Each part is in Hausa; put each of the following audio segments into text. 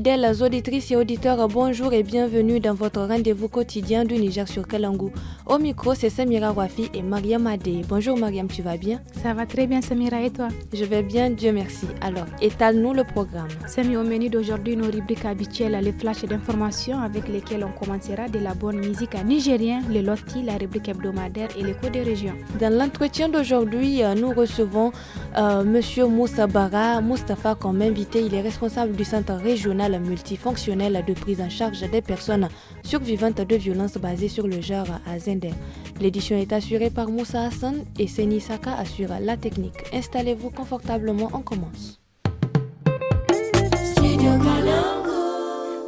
fidèles auditrices et auditeurs, bonjour et bienvenue dans votre rendez-vous quotidien du Niger sur Kalangou. Au micro, c'est Samira Wafi et Mariam Adé. Bonjour Mariam, tu vas bien Ça va très bien Samira et toi Je vais bien, Dieu merci. Alors, étale-nous le programme. Samy, au menu d'aujourd'hui, nos rubriques habituelles, les flashs d'informations avec lesquels on commencera de la bonne musique à nigérien, le loti, la rubrique hebdomadaire et l'écho des régions. Dans l'entretien d'aujourd'hui, euh, nous recevons M. Euh, Monsieur Moussa Bara, Moustapha comme invité. Il est responsable du centre régional multifonctionnel de prise en charge des personnes survivantes de violences basées sur le genre à Zender. L'édition est assurée par Moussa Hassan et Seni Saka assure la technique. Installez-vous confortablement, on commence.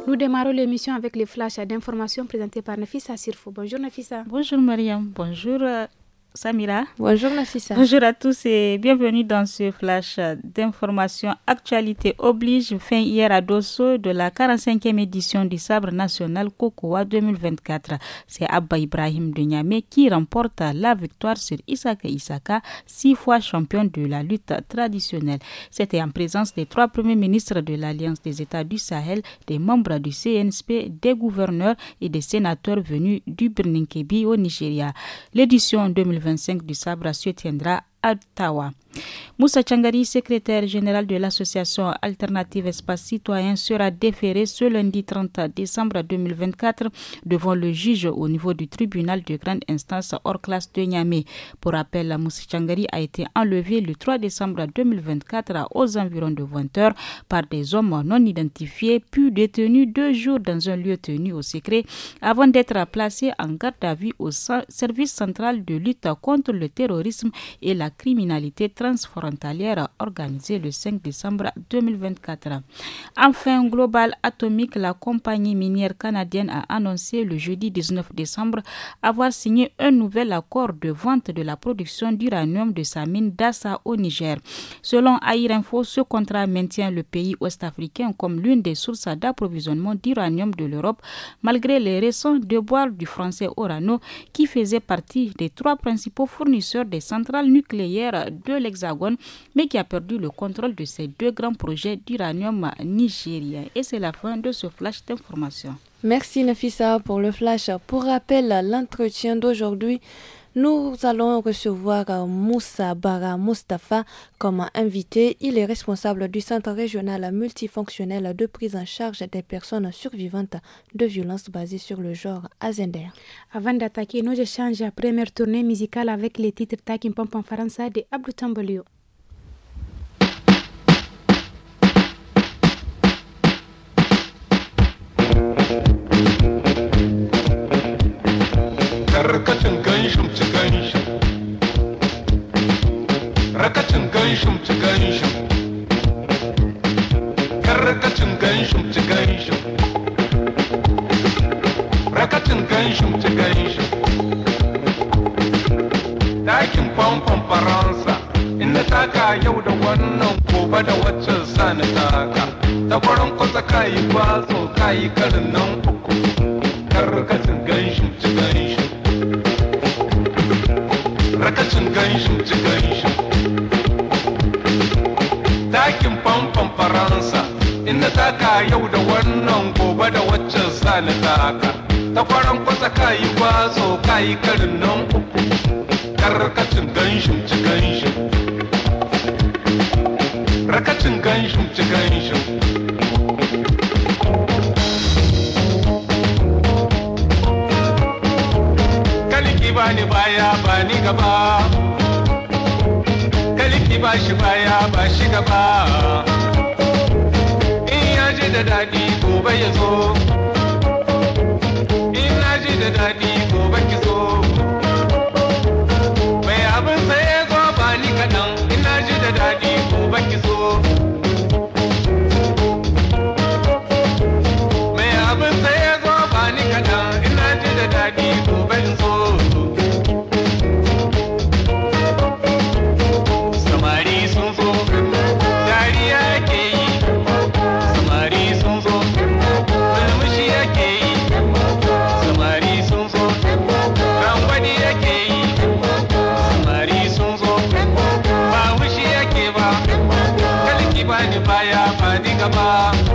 Nous démarrons l'émission avec les flashs d'informations présentés par Nafisa Sirfo. Bonjour Nafisa. Bonjour Mariam. Bonjour euh, Samira. Bonjour Nafissa. Bonjour à tous et bienvenue dans ce flash d'information actualité oblige fin hier à Dosso de la 45e édition du Sabre national Cocoa 2024. C'est Abba Ibrahim de qui remporte la victoire sur Isaka Isaka, six fois champion de la lutte traditionnelle. C'était en présence des trois premiers ministres de l'Alliance des États du Sahel, des membres du CNSP, des gouverneurs et des sénateurs venus du et au Nigeria. L'édition 2024 25 du Sabre se tiendra Moussa Changari, secrétaire général de l'association Alternative Espace Citoyen, sera déféré ce lundi 30 décembre 2024 devant le juge au niveau du tribunal de grande instance hors classe de Niamey. Pour rappel, Moussa Changari a été enlevé le 3 décembre 2024 aux environs de 20 heures par des hommes non identifiés, puis détenus deux jours dans un lieu tenu au secret avant d'être placé en garde à vue au service central de lutte contre le terrorisme et la criminalité transfrontalière organisée le 5 décembre 2024. Enfin, Global Atomic, la compagnie minière canadienne, a annoncé le jeudi 19 décembre avoir signé un nouvel accord de vente de la production d'uranium de sa mine d'Assa au Niger. Selon Air Info, ce contrat maintient le pays ouest-africain comme l'une des sources d'approvisionnement d'uranium de l'Europe, malgré les récents déboires du français Orano, qui faisait partie des trois principaux fournisseurs des centrales nucléaires de l'Hexagone, mais qui a perdu le contrôle de ses deux grands projets d'uranium nigérien. Et c'est la fin de ce flash d'information. Merci Nefissa pour le flash. Pour rappel, l'entretien d'aujourd'hui nous allons recevoir euh, Moussa Bara Mustafa comme invité. Il est responsable du Centre régional multifonctionnel de prise en charge des personnes survivantes de violences basées sur le genre à Avant d'attaquer nos échanges, première tournée musicale avec les titres Taking Pomp en de Abdou rakacin ganshim ci ganshim kan rakacin rakacin dakin famfon faransa inda taka yau da wannan gobe da waccan sani taka da kwaron kayi kwazo kayi kan rakacin faransa inda ta taka yau da wannan gobe da waccan sani taka ta kwaran kwasa kayi kwazo yi karin nan uku karkacin ganshin ci ganshin rakacin ganshin ci ganshin bani baya ba ni gaba kaliki ba shi baya ba shi gaba da daɗi gobe your zo in na ji Yakama.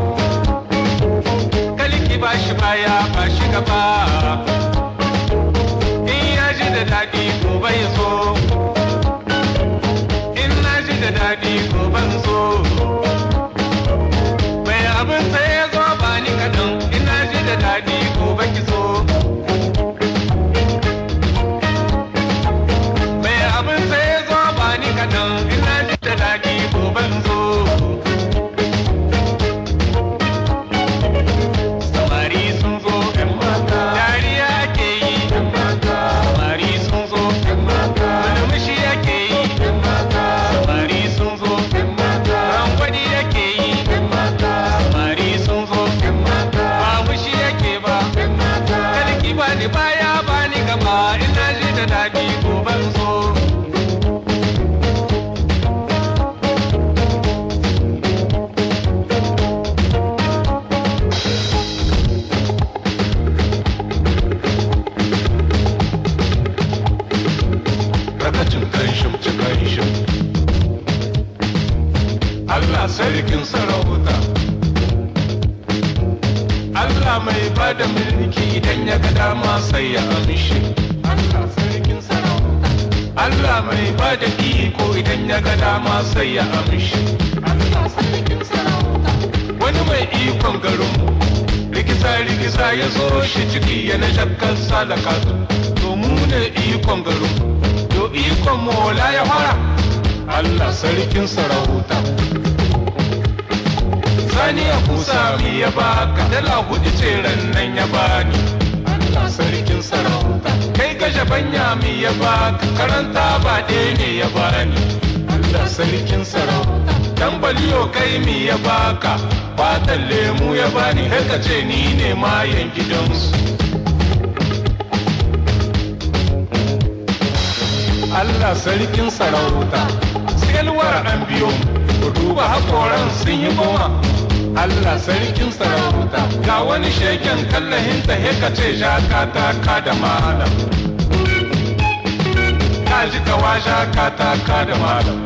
gidansu Allah sarkin sarauta selwar an biyo ku duba hakoran sun yi goma Allah sarkin sarauta ga wani sheken kallahin ta ka ce shaka ta ka da malam ka ji kawa shaka ta ka da malam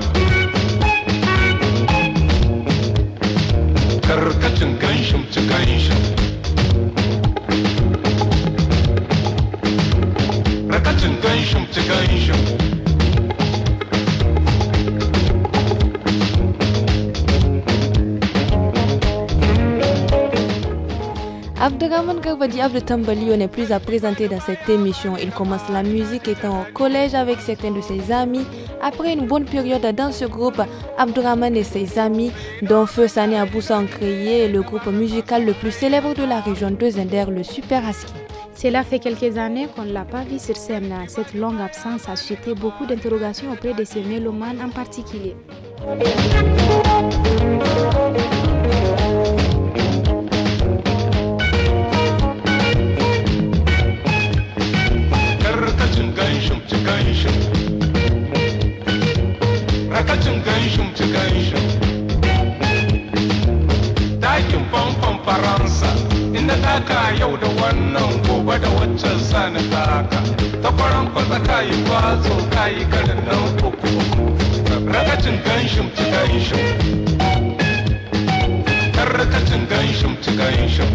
karkacin ganshim ci ganshim Abdurrahman Garbadi n'est plus à présenter dans cette émission. Il commence la musique étant au collège avec certains de ses amis. Après une bonne période dans ce groupe, Abdurrahman et ses amis, dont Feu Sani Aboussan, créé le groupe musical le plus célèbre de la région de Zender, le Super Aski. Cela fait quelques années qu'on ne l'a pas vu sur scène. Cette longue absence a suscité beaucoup d'interrogations auprès de ses mélomanes en particulier. haka yau da wannan gobe da waccan sani taka ta kwaran kwasa ka yi kwazo ka yi karin nan uku rakacin ganshin ci ganshin kan ganshin ci ganshin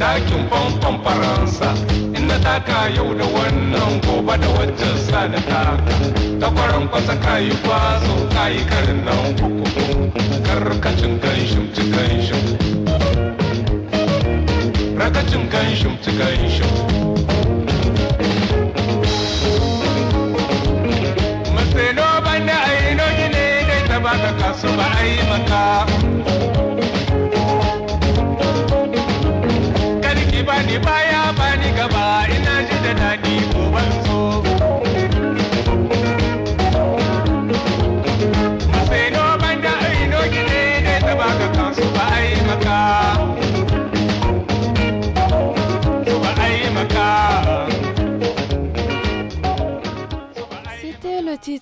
dakin famfon faransa ina taka yau da wannan gobe da waccan sani taka ta kwaran kwasa ka yi kwazo ka yi karin nan uku Тикайшим, тикайшим. Masilo banda aino ne da ta da kasu ba ai maka.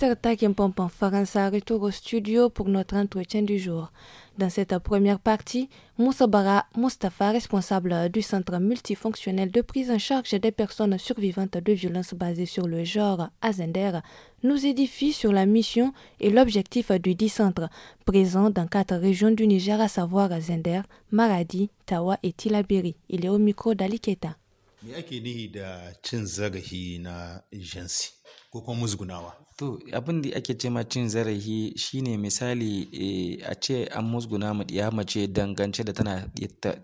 Esther Takimpompan retour au studio pour notre entretien du jour. Dans cette première partie, Moussa Bara Mustafa, responsable du centre multifonctionnel de prise en charge des personnes survivantes de violences basées sur le genre à Zender, nous édifie sur la mission et l'objectif du dit centre, présent dans quatre régions du Niger, à savoir Zender, Maradi, Tawa et Tilabiri. Il est au micro d'Ali Keta. To, abin da ake ce ma cin zarafi shine misali, eh, a ce an musguna mu ɗiya mace dangance da tana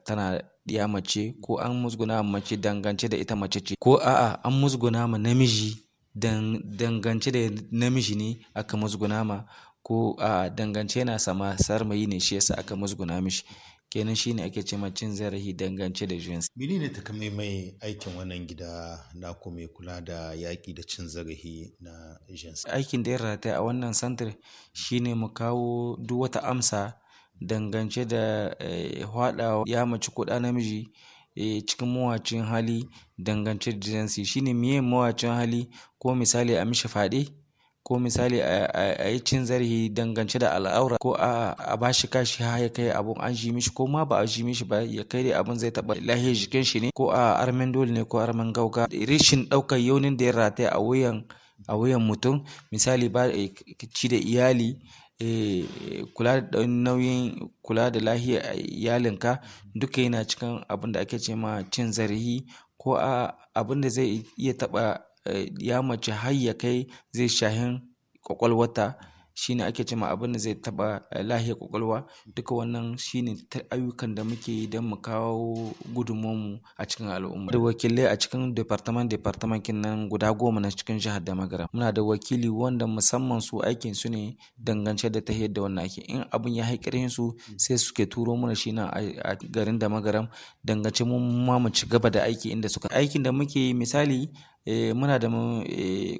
tana ya mace ko an musguna mu mace dangance da ita mace ce ko a'a an musguna ma namiji dan dangance da namiji ne aka musguna ma ko a'a dangance yana sama sarmayi ne shi yasa aka musguna mishi. kenan ne ake cewa cin zarafi dangance da jinsi kame takamaiman aikin wannan gida na komai kula da yaƙi da cin zarafi na jinsi aikin da ya rata a wannan santir shine mu kawo duk wata amsa dangance da eh, hwada ya mace kuɗa namiji eh, cikin mawacin hali dangance da jinsi shi shine miye mawacin hali ko misali a mishi fyaɗe ko misali a yi cin zarafi dangance da al'aura ko a ba shi kashi ha ya kai abun an ji mishi ko ma ba a ji mishi ba ya kai da abun zai taba lahiyar jikin shi ne ko a armen dole ne ko armen gauga rishin daukar yaunin da ya rataya a wuyan mutum misali ba eh, ci da iyali eh, kula da nauyin kula da lahiyar iyalinka duka yana cikin abin da ake ce ma cin zarafi ko a abin da zai iya taba Eh, ya mace har ya kai zai shahin wata. Shin ake cema abin da zai taba eh, lahiyar kwakwalwa duka wannan shine ayyukan da muke yi don mu kawo gudunmuwanmu a cikin al'umma da wakilai a cikin departament departament nan guda goma na cikin jihar da magara muna da wakili wanda musamman su aikin su ne dangance da ta da wannan aiki. in abin ya haƙirin su sai suke turo mana shi nan a garin da magaram dangance mu ma mu ci gaba da aiki inda suka aikin da muke yi misali eh, muna da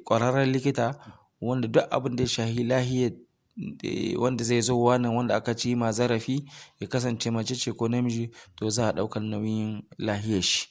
kwararren eh, likita wanda duk abin da ya shahi lahiyar eh, wanda zai zo wannan wanda aka ci ma zarafi ya kasance mace ce ko namiji to za a ɗaukar nauyin lahiyar shi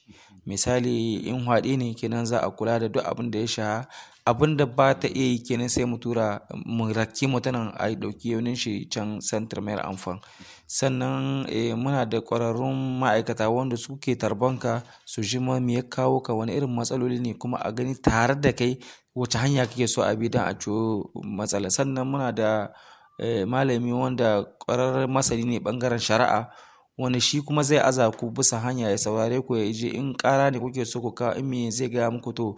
misali in haɗe ne kenan za a kula da duk abin da ya sha abin da ba ta iya yi kenan sai mu tura mu rakki a ɗauki yaunin shi can santar mayar amfan sannan eh, muna da kwararrun ma'aikata wanda suke tarbanka su ji ma me ya kawo ka wani irin matsaloli ne kuma a gani tare da kai wace hanya kake so a bi don a ciwo matsala sannan muna da eh, malami wanda ƙwararar masani ne ɓangaren shari'a wani shi kuma zai aza ku bisa hanya ya saurare ku ya je in ƙara ne kuke so ku kawo imi zai gaya muku to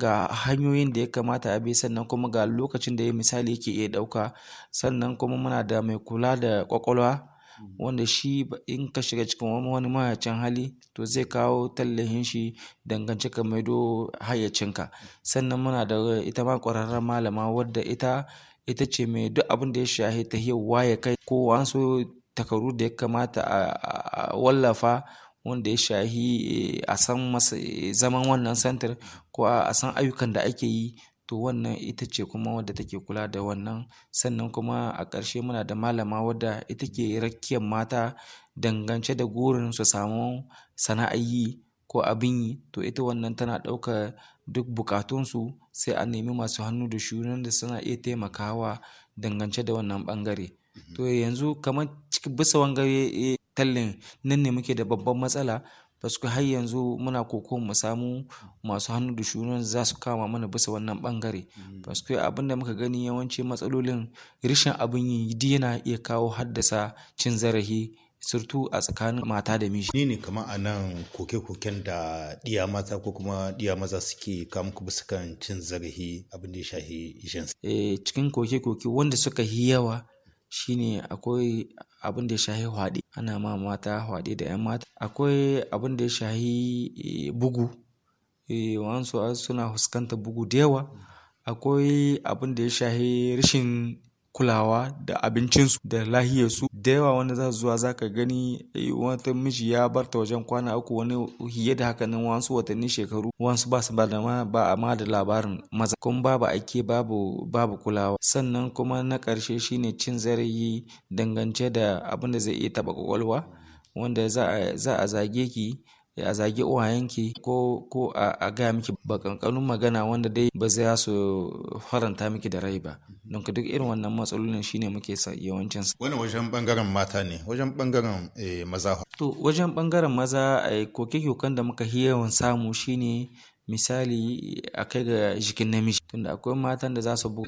ga hanyoyin da ya kamata a bi sannan kuma ga lokacin da ya misali yake iya ɗauka sannan kuma muna da mai kula da kwakwalwa? Mm. wanda shi in ka shiga cikin wani mayacin hali to zai kawo tallahin shi dangance ka maido hayyacinka mm. sannan muna da ita ma ƙwararren malama wadda ita ita ce mai duk abin da ya shahi ta waye kai ko an so takaru da ya kamata a wallafa wanda ya shahi eh, a san eh, zaman wannan santar ko a san ayyukan da ake yi to wannan ita ce kuma wadda take kula da wannan sannan kuma a ƙarshe muna da malama wadda ita ke rakiyar mata dangance da gurin su samu sana'ar ko abin yi to ita wannan tana ɗaukar duk bukatunsu sai a nemi masu hannu da shunan da suna iya taimakawa dangance da wannan ɓangare mm-hmm. to yanzu kamar bisa wangare eh, tallin nan ne muke da babban matsala da suka har yanzu muna koko mu samu masu hannu da shunan za su kama mana bisa wannan bangare mm. su abin da muka gani yawanci matsalolin rishin abin yi yana iya kawo haddasa cin zarafi surtu a tsakanin mata da miji. Ni ne kama a nan koke-koken da ɗiya mata ko kuma ɗiya maza suke kamku bisa kan cin zarafi abin da ya shahi E, cikin koke-koke wanda suka yi yawa shine akwai abin da ya shahi ana ma mata hwaɗe da 'yan mata akwai abin da ya shahi eh, bugu eh, wasu suna fuskantar bugu da yawa akwai abin da ya shahi rashin kulawa da abincinsu da lahiyarsu da yawa wanda za su zuwa za ka gani eh, wata miji ya barta wajen kwana uku wani hiye da haka nan wasu watanni shekaru wasu ba su ba ba ma da labarin maza kuma babu aiki babu babu kulawa sannan kuma na karshe shine cin zarafi dangance da abin da zai iya taba kwakwalwa wanda za a zage ki a zage uwayenki ko ko a gaya miki ba magana wanda dai ba zai su faranta miki da rai ba don ka duk irin wannan matsalolin shine muke yawancin wani wajen bangaren mata ne wajen bangaren eh, maza to wajen bangaren maza eh, koke kyokan da muka yawan samu shine misali a kai ga jikin namiji tunda akwai matan da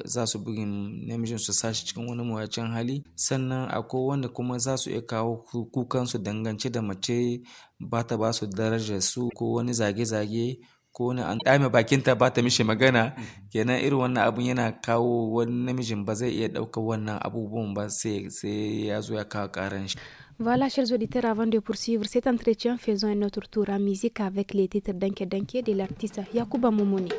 za su bugin namijin su sashi cikin wani mawacin hali sannan akwai wanda kuma za su iya kawo kukansu dangance da mace ba ta ba su darajar su ko wani zage-zage ko wani an kame bakinta ba ta mishi magana kenan irin wannan abun yana kawo wani namijin ba zai iya ɗaukar wannan abubuwan ba sai ya zo ya kawo karan shi Voilà, chers auditeurs, avant de poursuivre cet entretien, faisons un autre tour en musique avec les titres d'Enke Denke de l'artiste Yakuba Momoni.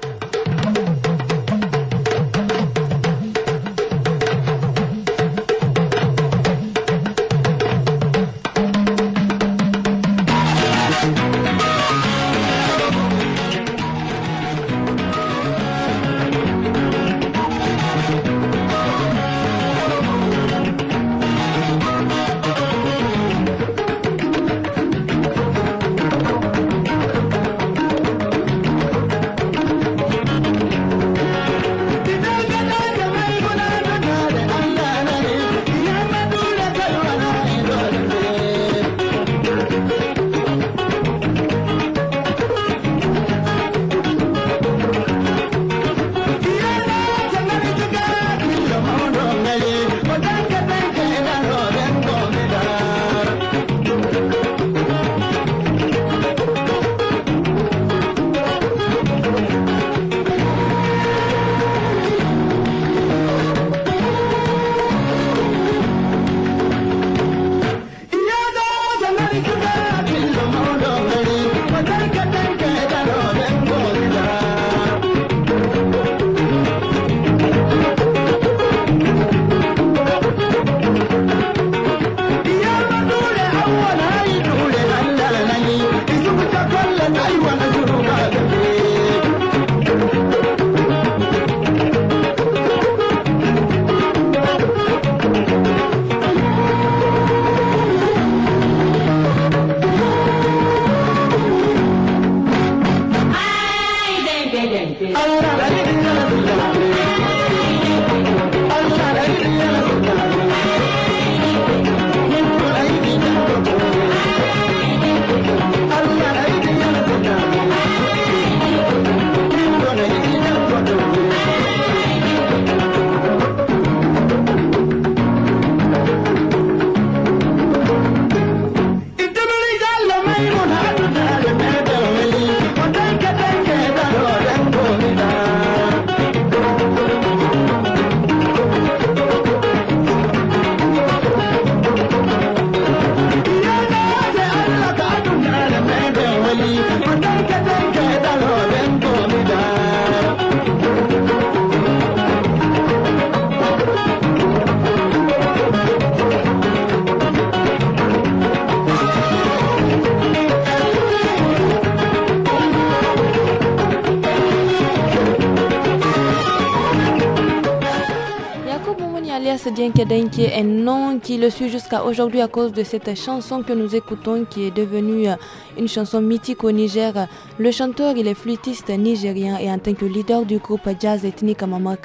qui le suit jusqu'à aujourd'hui à cause de cette chanson que nous écoutons qui est devenue euh, une chanson mythique au Niger. Le chanteur, il est flûtiste nigérien et en tant que leader du groupe jazz ethnique Mama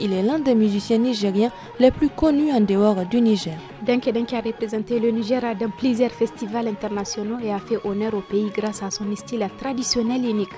il est l'un des musiciens nigériens les plus connus en dehors du Niger. Denke a représenté le Niger dans plusieurs festivals internationaux et a fait honneur au pays grâce à son style traditionnel unique.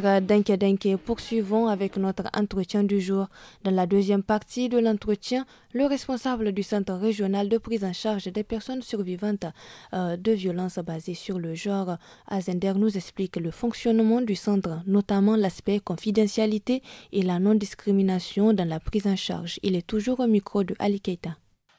titre Denke poursuivons avec notre entretien du jour. Dans la deuxième partie de l'entretien, le responsable du Centre régional de prise en charge des personnes survivantes euh, de violences basées sur le genre, Azender, nous explique le fonctionnement du centre, notamment l'aspect confidentialité et la non-discrimination dans la prise en charge. Il est toujours au micro de Ali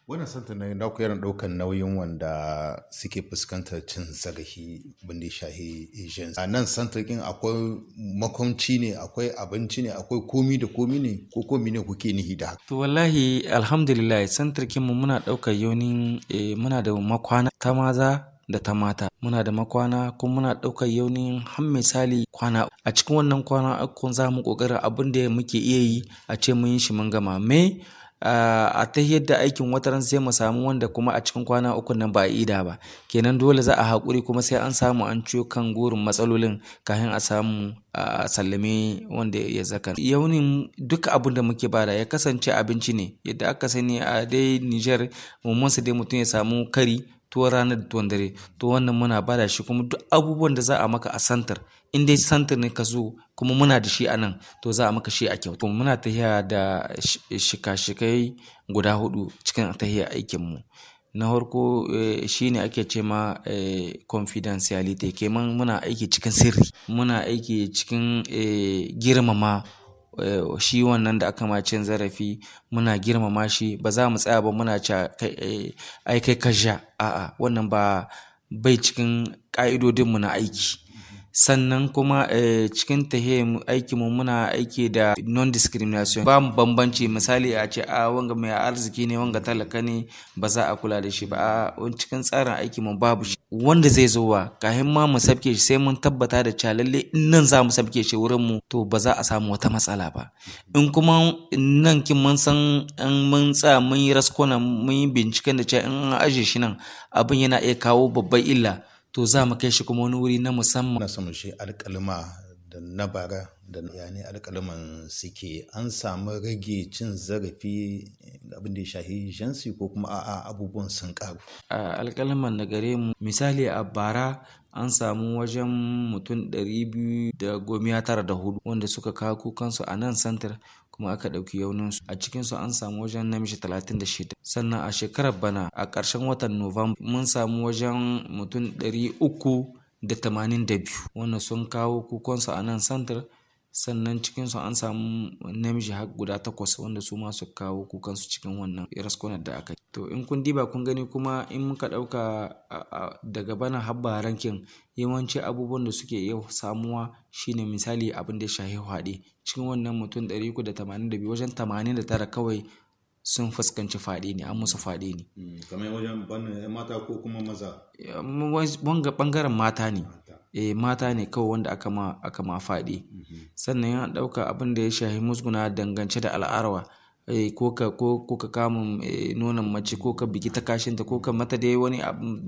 wannan santa na da dauka yana daukan nauyin wanda suke fuskantar cin zagahi ya shahi asians a nan santa kin akwai makonci, ne akwai abinci ne akwai komi da komi ne ko komi ne kuke nihi da haka to wallahi alhamdulillah kin mu muna daukar yaunin eh, muna da makwana ta maza da ta mata muna da makwana kuma muna ɗaukar yaunin har misali kwana a cikin wannan kwana akon za mu ƙoƙarin abin da muke iya yi a ce mun yi shi mun gama me a ta yadda aikin wataran sai mu samu wanda kuma a cikin kwana uku nan ba ida ba kenan dole za a haƙuri kuma sai an samu an ciyo kan gurin matsalolin kafin a samu a sallame wanda ya zaka yauni duka abin da muke bada ya kasance abinci ne yadda aka sani a dai niger mummun dai mutum ya samu kari tuwon ranar da tuwon dare to wannan muna bada shi kuma duk abubuwan da za a maka a santar in dai santir ne ka zo kuma muna da shi a nan to za a maka shi a kyau muna tahiya da shika-shikai guda hudu cikin tahiya aikinmu na eh, shi ne ake ce ma eh, confidentiality kenan muna aiki cikin sirri muna aiki cikin eh, girmama shi wannan da aka macin zarafi muna girmama shi ba za mu tsaya ba muna ce a'a wannan ba bai cikin ƙa'idodinmu na aiki sannan kuma eh, cikin tahiyyar aikin mu muna aiki da non discrimination ba mu bambanci misali a ce a ah, wanga mai arziki ne wanga talaka ne ba za a kula da shi ba a cikin tsarin aikin mu babu shi wanda zai zo wa kahin ma mu sabke shi sai mun tabbata da cewa lalle in nan za mu sabke shi wurin mu to ba za a samu wata matsala ba in kuma nan kin mun san an mun tsa mun yi raskona mun yi binciken da cewa in an aje shi nan abin yana iya kawo babban illa to za mu kai shi kuma wani wuri na musamman na samu shi alƙalma da na bara da yani alƙalman suke an samu rage cin zarafi abin da ya shahi jansi ko kuma a abubuwan sun karu a alƙalman nagare gare mu misali a bara an samu wajen mutum ɗari biyu da da tara hudu. wanda suka kawo kukansu a nan santar kuma aka ɗauki su. a cikinsu an samu wajen namiji 36 sannan a shekarar bana a ƙarshen watan nuwamba mun samu wajen mutum 382 wannan sun kawo kukonsu a nan santar sannan cikinsu an samu namiji har guda takwas wanda su ma su kawo kukansu cikin wannan iraskunar da aka yi to in kun diba kun gani kuma in muka ɗauka daga bana habba rankin yawanci abubuwan da suke yau samuwa shine misali abin da ya shahi haɗe cikin wannan mutum 382 wajen 89 kawai sun fuskanci faɗi ne an musu faɗi ne hmm, kamar wajen mata ko kuma maza bangaren mata ne eh mata ne kawai wanda aka ma faɗi mm-hmm. sannan ya ɗauka abin da ya shahi musguna dangance da al'arwa eh ko ka ko ko ka eh, nonon mace ko ka biki ta kashinta ko ka mata dai wani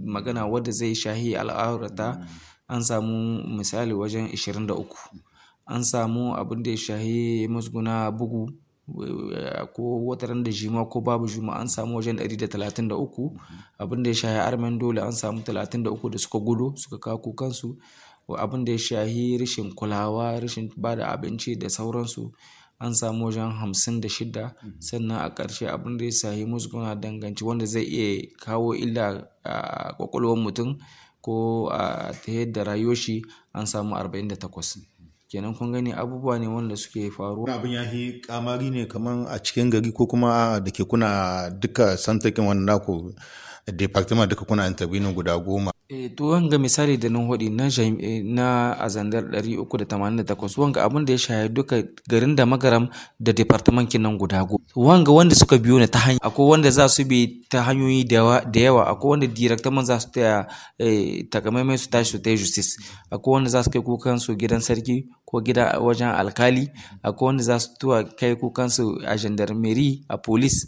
magana wadda zai shahi al'aurata mm-hmm. an samu misali wajen 23 an samu abin da ya shahi musguna bugu ko wataran da jima ko babu jima an samu wajen 133 abinda da ya shahi armen dole an samu 33 da suka gudu suka kaku kansu abinda ya shahi rashin kulawa rashin ba da abinci da sauransu an samu wajen hamsin da shida sannan a karshe abinda da ya shahi musguna danganci wanda zai iya kawo illa a kwakwalwar mutum ko a ta yadda rayoshi an samu 48 kenan kun gani abubuwa ne wanda suke faruwa abin ya fi kamari ne kamar a cikin gari ko kuma da ke kuna duka santakin wani naku department duka kuna intervening guda goma Eh, to wanga misali da nan hudi na jam- eh, na azandar 388 wanga abin da ya shaye duka garin da magaram da departamentin nan guda go wanga wanda suka biyo ni ta hanya akwai wanda za su bi ta hanyoyi da yawa- da yawa akwai wanda man za su ta eh, takamaimai su tashi su ta justice akwai wanda za su kai kukan su gidan sarki ko gida wajen alkali akwai wanda za su tuwa kai kukan su a gendarmerie a police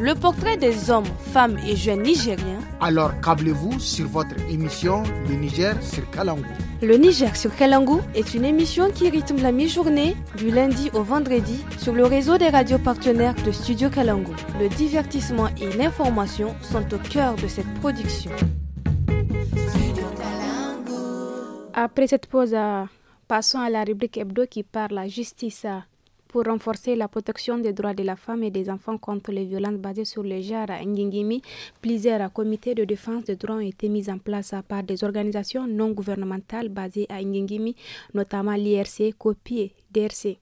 le portrait des hommes, femmes et jeunes nigériens. Alors câblez-vous sur votre émission Le Niger sur Kalangou. Le Niger sur Kalangou est une émission qui rythme la mi-journée du lundi au vendredi sur le réseau des radios partenaires de Studio Kalangou. Le divertissement et l'information sont au cœur de cette production. Après cette pause, euh, passons à la rubrique hebdo qui parle la justice pour renforcer la protection des droits de la femme et des enfants contre les violences basées sur le genre à Ngingimi, plusieurs comités de défense des droits ont été mis en place par des organisations non gouvernementales basées à Ngingimi, notamment l'IRC, Copier DRC.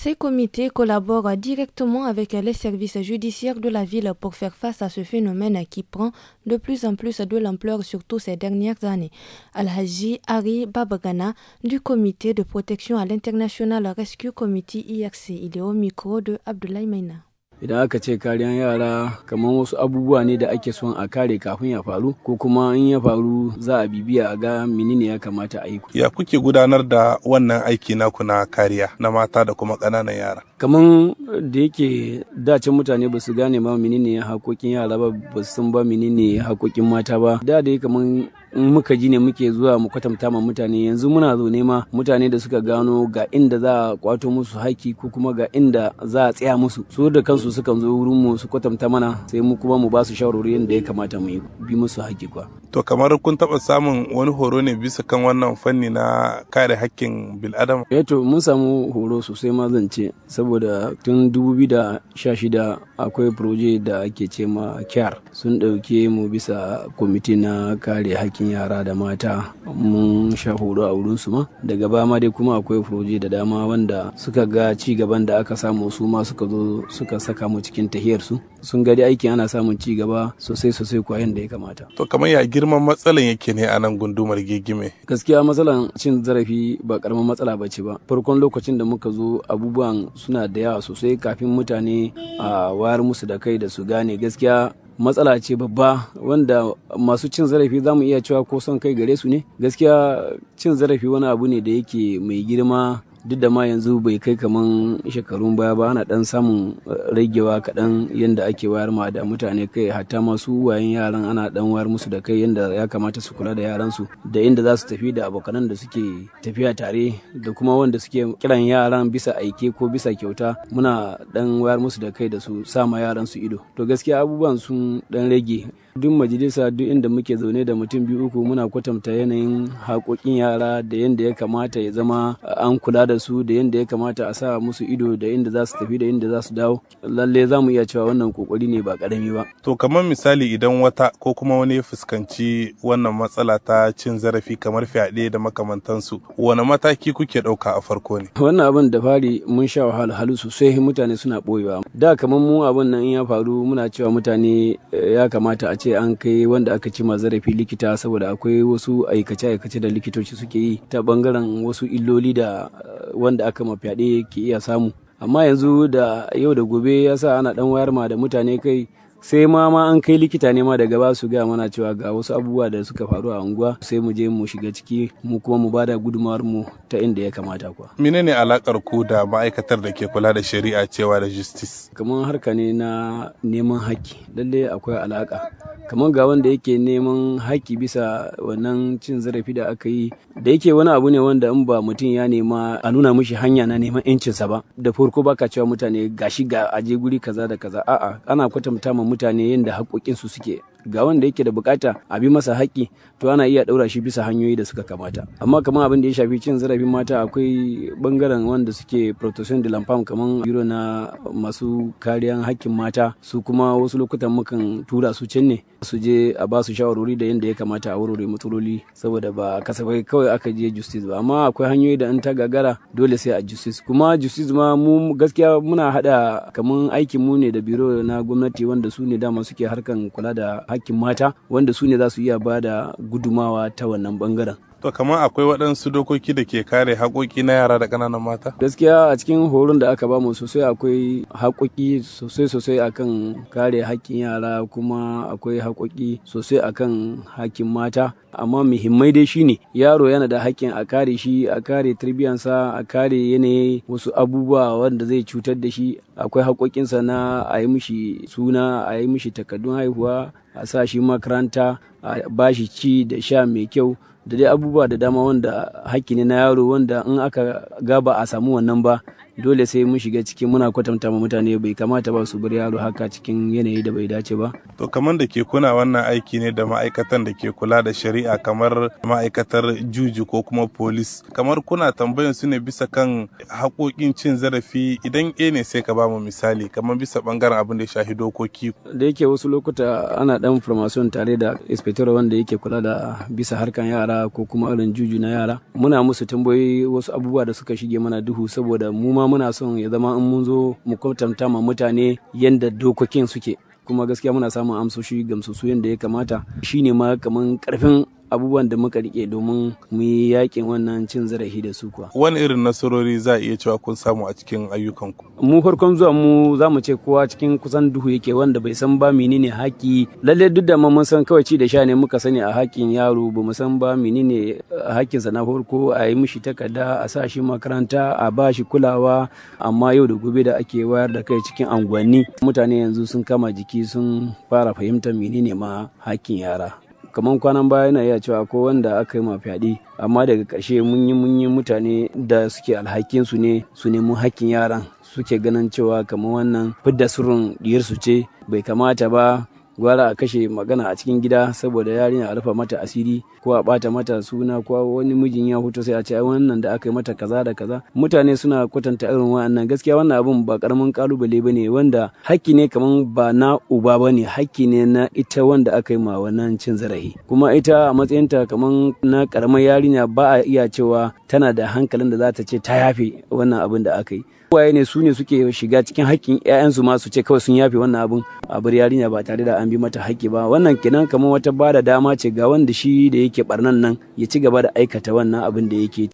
Ces comités collaborent directement avec les services judiciaires de la ville pour faire face à ce phénomène qui prend de plus en plus de l'ampleur, surtout ces dernières années. Al-Haji Ari Babagana du comité de protection à l'international Rescue Committee IRC. Il est au micro de Abdoulaye Maina. idan aka ce kariyan yara kamar wasu abubuwa ne da ake son a kare kafin ya faru ko kuma in ya faru za a bibiya a ga menene ya kamata a yi ya kuke gudanar da wannan aiki na na kariya na mata da kuma kananan yara kamar da yake dace mutane ba su gane ma menene hakokin yara ba ba su san ba menene hakokin mata ba da dai kamar in muka ji ne muke zuwa mu kwatanta ma mutane yanzu muna zo nema mutane da suka gano ga inda za a kwato musu haki ko kuma ga inda za a tsaya musu su da kansu sukan zo wurin mu su kwatanta mana sai mu kuma mu ba su shawarwari yadda ya kamata mu bi musu haki kuwa to kamar kun taba samun wani horo ne bisa kan wannan fanni na kare hakkin bil'adama eh to mun samu horo sosai ma zan ce saboda tun 2016 akwai proje da ake ce ma kyar sun ɗauke mu bisa kwamiti na kare haki harkokin yara da mata mun sha horo a wurin su ma daga ba ma dai kuma akwai furoje da dama wanda suka ga ci gaban da aka samu su ma suka zo suka saka mu cikin tahiyar su sun ga dai aikin ana samun ci gaba sosai sosai kwayan da ya kamata to kamar ya girman matsalan yake ne a nan gundumar gigime gaskiya matsalan cin zarafi ba karamin matsala ba ba farkon lokacin da muka zo abubuwan suna da yawa sosai kafin mutane a wayar musu da kai da su gane gaskiya matsala ce babba wanda masu cin zarafi za mu iya cewa ko son kai gare su ne gaskiya cin zarafi wani abu ne da yake mai girma duk da ma yanzu bai kai kaman shekarun baya ba ana dan samun eh, ragewa kaɗan yadda ake wayar ma da mutane kai hatta masu wayan yaran ana dan wayar musu da kai yadda ya kamata su kula da yaran su da inda za su tafi da abokanan da suke tafiya tare da kuma wanda suke kiran yaran bisa aike ko bisa kyauta muna dan wayar musu da kai da su sama yaran su ido to gaskiya abubuwan sun dan rage duk majalisa duk inda muke zaune da mutum biyu uku muna kwatanta yanayin haƙoƙin yara da yadda ya kamata ya zama an kula da su da yadda ya kamata a sa musu ido da inda za su tafi da inda za su dawo lalle za mu iya cewa wannan kokari ne ba karami ba to kamar misali idan wata ko kuma wani ya fuskanci wannan matsala ta cin zarafi kamar fyaɗe da makamantansu wani mataki kuke ɗauka a farko ne wannan abin da fari mun sha halu sosai mutane suna ɓoyewa da kamar mu abin nan in ya faru muna cewa mutane eh, ya kamata a ce ce an kai wanda aka ci zarafi likita saboda akwai wasu aikace-aikace da likitoci suke yi ta bangaren wasu illoli da eh, wanda aka fyaɗe ke iya samu amma yanzu da yau da gobe ya sa ana dan wayar ma da mutane kai sai ma ma an kai likita ne ma daga ba su gaya mana cewa ga wasu abubuwa da suka faru a unguwa sai mu je mu shiga ciki mu kuma mu bada gudumawar mu ta inda ya kamata kuwa menene alakar ku da ma'aikatar da ke kula da shari'a cewa da justice kamar harka ne na neman haƙƙi lalle akwai alaka kamar ga wanda yake neman haƙƙi bisa wannan cin zarafi da aka yi da yake wani abu ne wanda in ba mutum ya nema a nuna mishi hanya na neman 'yancinsa ba da farko baka cewa mutane gashi ga aje guri kaza da kaza a'a ana kwatanta mutane yadda haƙoƙinsu suke ga wanda yake da bukata a bi masa haƙƙi to ana iya ɗaura shi bisa hanyoyi da suka kamata amma kamar abin da ya shafi cin zarafin mata akwai bangaren wanda suke protection de l'enfant kamar biro na masu kariyan hakkin mata su kuma wasu lokutan mukan tura su can ne su je a ba su shawarwari da yadda ya kamata a warware matsaloli saboda ba kasafai kawai aka je justice ba amma akwai hanyoyi da an ta gagara dole sai a justice kuma justice ma mu gaskiya muna hada kamar aikin mu ne da biro na gwamnati wanda su ne dama suke harkan kula da hakkin mata wanda su ne za su iya ba da gudumawa ta wannan bangaren To kamar akwai waɗansu dokoki da ke kare haƙoƙi na yara da ƙananan mata? Gaskiya a cikin horon da aka ba mu sosai akwai haƙoƙi sosai sosai akan kare haƙƙin yara kuma akwai haƙoƙi sosai akan haƙƙin mata. Amma muhimmai dai shine yaro yana da haƙƙin a kare shi, a kare tarbiyyansa, a kare yanayi wasu abubuwa wanda zai cutar da shi. Akwai haƙoƙinsa na a yi mishi suna, a yi mishi takardun haihuwa, a sa shi makaranta, a bashi ci da sha mai kyau. da dai abubuwa da dama wanda hakki ne na yaro wanda in aka gaba a samu wannan ba dole sai mun shiga ciki muna kwatanta ma mutane bai kamata ba su bar yaro haka cikin yanayi da bai dace ba to kamar da ke kuna wannan aiki ne da ma'aikatan da ke kula da shari'a kamar ma'aikatar juji ko kuma polis kamar kuna tambayan su ne bisa kan haƙoƙin cin zarafi idan e ne sai ka ba mu misali kamar bisa bangaren abin da ya shafi dokoki da yake wasu lokuta ana dan formation tare da inspector wanda yake kula da bisa harkan yara ko kuma irin juju na yara muna musu tambayoyi wasu abubuwa da suka shige mana duhu saboda mu ma muna son ya zama in mun zo mu kwatanta ma mutane yadda dokokin suke kuma gaskiya muna samun amsoshi gamsusu yadda ya kamata shine ma kamar karfin abubuwan da muka rike domin mu yi yakin wannan cin zarafi da su kuwa. Wani irin nasarori za a iya cewa kun samu a cikin ayyukanku? Mu farkon zuwa mu za mu ce kowa cikin kusan duhu yake wanda bai san ba menene haƙƙi. Lalle duk da mun san kawai ci da sha ne muka sani a haƙƙin yaro ba mu san ba menene haƙƙinsa na farko a yi mishi takarda a sa shi makaranta a ba shi kulawa amma yau da gobe da ake wayar da kai cikin unguwanni mutane yanzu sun kama jiki sun fara fahimtar menene ma haƙƙin yara. kamar kwanan baya yana iya cewa akwai wanda aka yi ma fyaɗe amma daga ƙarshe mun yi mun yi mutane da suke alhakin su ne su nemi hakkin yaran suke ganin cewa kamar wannan fidda sirrin su ce bai kamata ba gwara a kashe magana a cikin gida saboda yarinya a rufa mata asiri ko a bata mata suna ko wani mijin ya huto sai a ce wannan da aka yi mata kaza da kaza mutane suna kwatanta irin wa'annan gaskiya wannan abun ba karamin kalubale bane wanda hakki ne kaman ba na uba bane hakki ne na ita wanda aka yi ma wannan cin zarafi kuma ita a matsayinta kaman na karamar yarinya ba a iya cewa tana da hankalin da za ta ce ta yafe wannan abin da aka yi waye ne su ne suke shiga cikin haƙƙin 'ya'yansu ma su ce kawai sun yafe wannan abun a bar yarinya ba tare da an bi mata haƙƙi ba wannan kenan kamar wata bada dama ce ga wanda shi da yake barnan nan ya ci gaba da aikata wannan abin da yake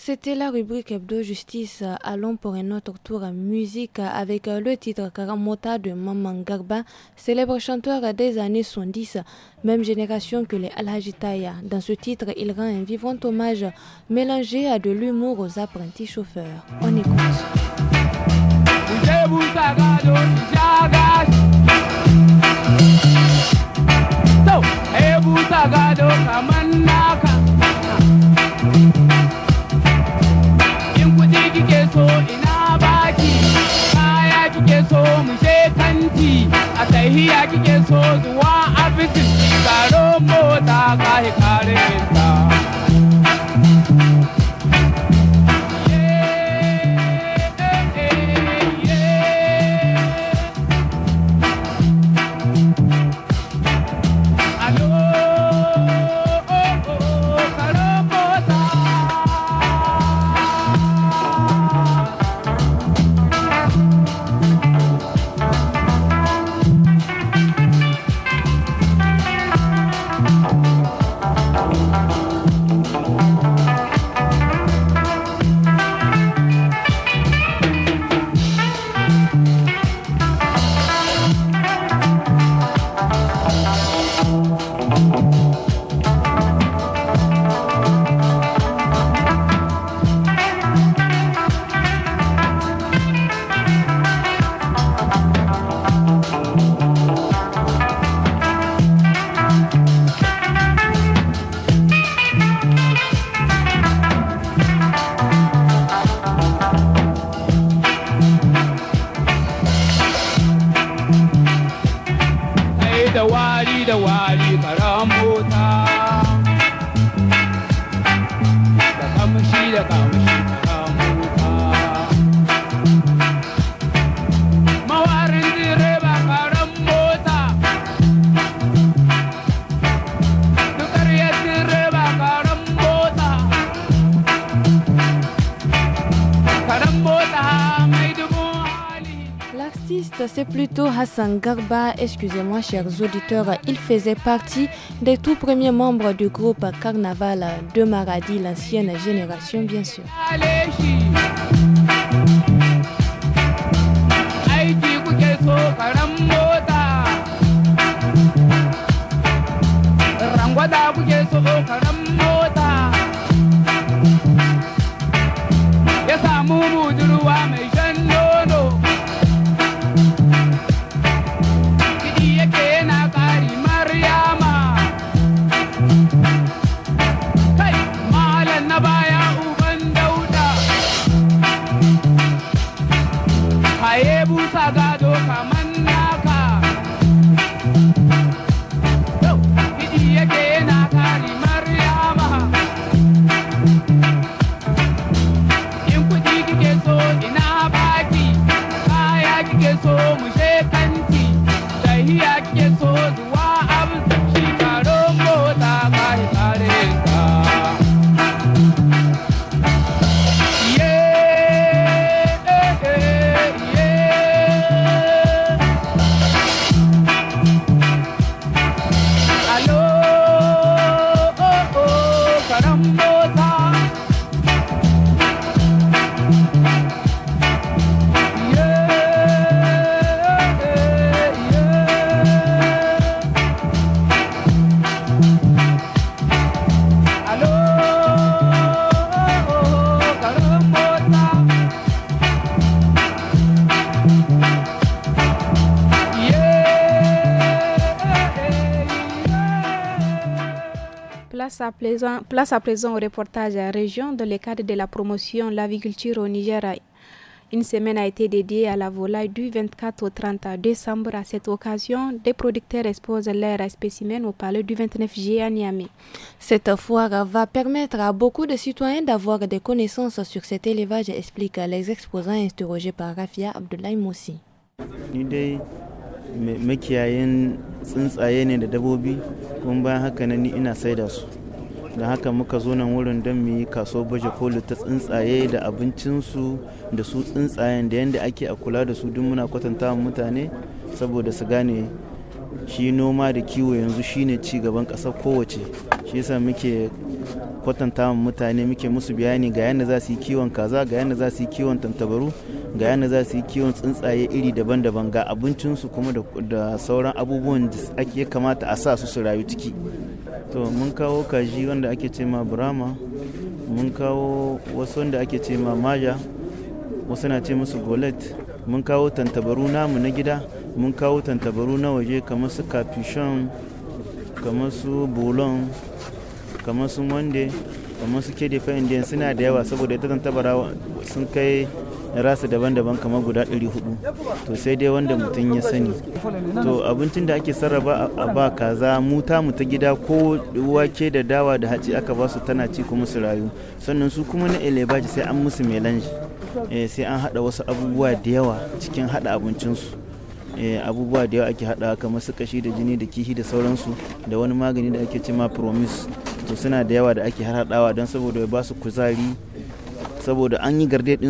C'était la rubrique Hebdo Justice. Allons pour un autre tour en musique avec euh, le titre Karamota de Maman Garba, célèbre chanteur des années 70, même génération que les Alhajitaya. Dans ce titre, il rend un vivant hommage mélangé à de l'humour aux apprentis chauffeurs. On écoute. a tahiya kike so zuwa abisin baro mota ka hikarin ta Hassan Garba, excusez-moi chers auditeurs, il faisait partie des tout premiers membres du groupe Carnaval de Maradi, l'ancienne génération bien sûr. Place à, présent, au reportage à région dans le cadre de la promotion L'aviculture au Niger. Une semaine a été dédiée à la volaille du 24 au 30 décembre. À cette occasion, des producteurs exposent leurs spécimens au palais du 29 juillet à Niamey. Cette foire va permettre à beaucoup de citoyens d'avoir des connaissances sur cet élevage, explique les exposants interrogés par Rafia Abdoulaye Moussi. da haka muka zo nan wurin don mu yi kaso baje koli ta tsuntsaye da abincinsu da su tsuntsayen da yadda ake a kula da su duk muna kwatanta mutane saboda su gane shi noma da kiwo yanzu shine ci gaban ƙasar kowace shi yasa muke kwatanta mutane muke musu bayani ga yadda za su yi kiwon kaza ga yadda za su yi kiwon tantabaru ga yadda za su yi kiwon tsuntsaye iri daban-daban ga abincinsu kuma da sauran abubuwan da ake kamata a sa su su rayu ciki to mun kawo kaji wanda ake ce ma burama mun kawo wasu wanda ake ce ma maja wasu na ce musu golet mun kawo tantabaru namu na gida mun kawo tantabaru na waje kamar su capuchon kamar su bolon kamar su wande kamar su ke da suna da yawa saboda ita tantabara sun kai rasa daban-daban kamar guda 400 to sai dai wanda mutum ya sani to abincin da ake sarrafa a ba kaza muta mu ta gida ko wake da dawa da haci aka ba su tana ci kuma su rayu sannan su kuma na elebaji sai an musu melange eh, sai an hada wasu abubuwa da yawa cikin hada abincinsu eh, abubuwa da yawa ake hada kamar su kashi da jini da kihi da sauransu da wani magani da ake ma promise to suna da yawa da ake harhaɗawa don saboda ya ba su kuzari saboda an yi d'habitude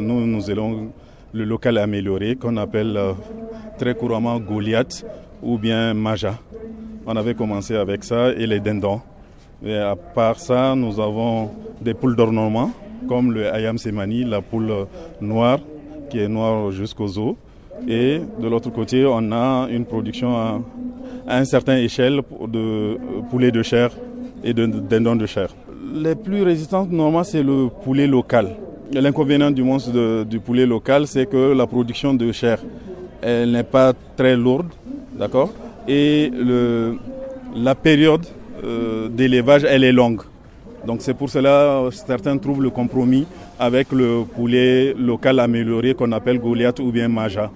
nous nous allons le local amélioré qu'on appelle euh, très couramment Goliath ou bien Maja on avait commencé avec ça et les dindons et à part ça nous avons des poules d'ornement comme le ayam semani la poule euh, noire qui est noire jusqu'aux os et de l'autre côté, on a une production à, un une certaine échelle de euh, poulet de chair et de dindons de chair. Les plus résistantes, normalement, c'est le poulet local. L'inconvénient du monstre de, du poulet local, c'est que la production de chair, elle n'est pas très lourde, d'accord Et la période euh, d'élevage, elle est longue. Donc c'est pour cela que certains trouvent le compromis avec le poulet local amélioré qu'on appelle Goliath ou bien Maja.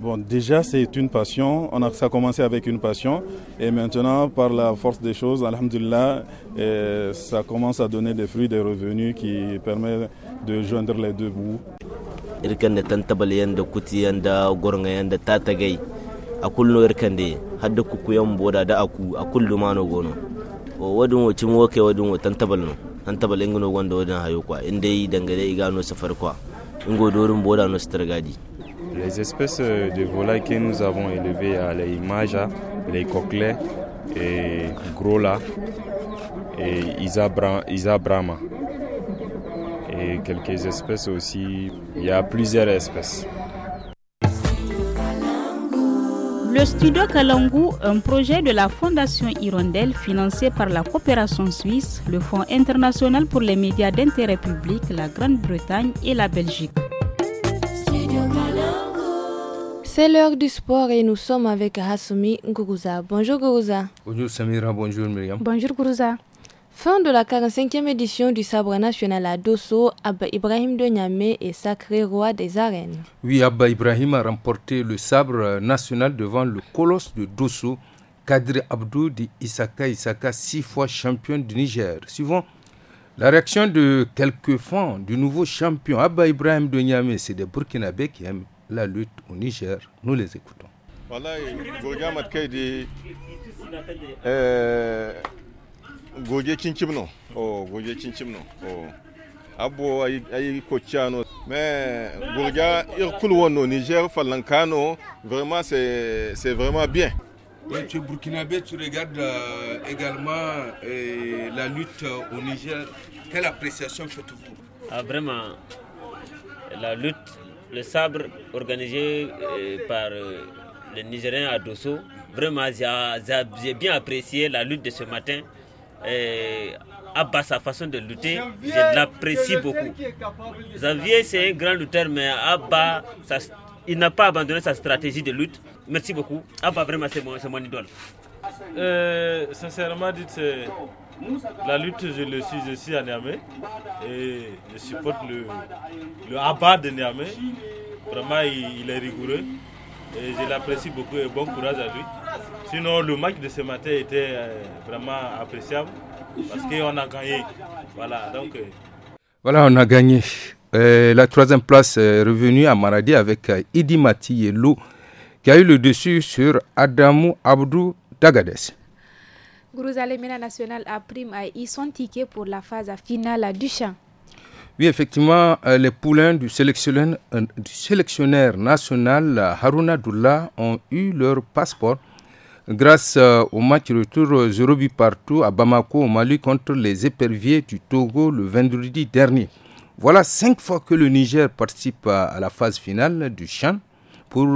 Bon, déjà, c'est une passion. On a, ça a commencé avec une passion. Et maintenant, par la force des choses, Alhamdulillah, ça commence à donner des fruits, des revenus qui permettent de joindre les deux bouts. irkan da tantabaliyan da kutiyan da gorgayan da tatagai a kullum irkan da hadda kukuyan boda da aku a kullum mano gono wadin wacin woke wadin wa tantabal no tantabal ingino gwanda wadin hayo kwa inda yi dangane igano safar kwa ingo dorin boda no sitar gadi les espèces euh, de volailles que nous avons élevées, à les images, les coquelets et grola et isabra, isabrama. Et quelques espèces aussi. Il y a plusieurs espèces. Le studio Kalangu, un projet de la Fondation Hirondelle financé par la coopération suisse, le Fonds international pour les médias d'intérêt public, la Grande-Bretagne et la Belgique. C'est l'heure du sport et nous sommes avec Hassoumi Gourouza. Bonjour Gourouza. Bonjour Samira, bonjour Myriam. Bonjour Gourouza. Fin de la 45e édition du sabre national à Dosso, Abba Ibrahim de est sacré roi des arènes. Oui, Abba Ibrahim a remporté le sabre national devant le colosse de Dosso, Kadri Abdou de Isaka Isaka, six fois champion du Niger. Suivant la réaction de quelques fans du nouveau champion Abba Ibrahim de c'est des Burkinabés qui aiment la lutte au Niger. Nous les écoutons. Voilà, euh, chinchimno, chinchimno, oh oh. Abo ayi kochiano. mais gourga irkul niger falankano. vraiment c'est vraiment bien tu es burkinabé, tu regardes euh, également euh, la lutte au Niger. Quelle appréciation faites-vous ah, Vraiment, la lutte, le sabre organisé euh, par euh, le Nigérien à Dosso, vraiment, j'ai bien apprécié la lutte de ce matin. Abba, euh, sa façon de lutter, je l'apprécie beaucoup. Xavier, c'est un grand lutteur, mais Abba, il n'a pas abandonné sa stratégie de lutte. Merci beaucoup. Abba, vraiment, c'est mon, idole. sincèrement, dites. La lutte, je le suis, aussi à Niamey et je supporte le, le de Niamey. Vraiment, il, est rigoureux et je l'apprécie beaucoup et bon courage à lui. Sinon, le match de ce matin était euh, vraiment appréciable parce qu'on a gagné. Voilà, donc. Euh, voilà, on a gagné. Euh, la troisième place est revenue à Maradi avec Idi Mati qui a eu le dessus sur Adamou Abdou Dagades. Gourouzalemena National a prime son ticket pour la phase finale du champ. Oui, effectivement, euh, les poulains du sélectionneur, euh, du national euh, Haruna Doula ont eu leur passeport grâce au match retour 0 partout à Bamako au Mali contre les éperviers du Togo le vendredi dernier. Voilà cinq fois que le Niger participe à la phase finale du champ. Pour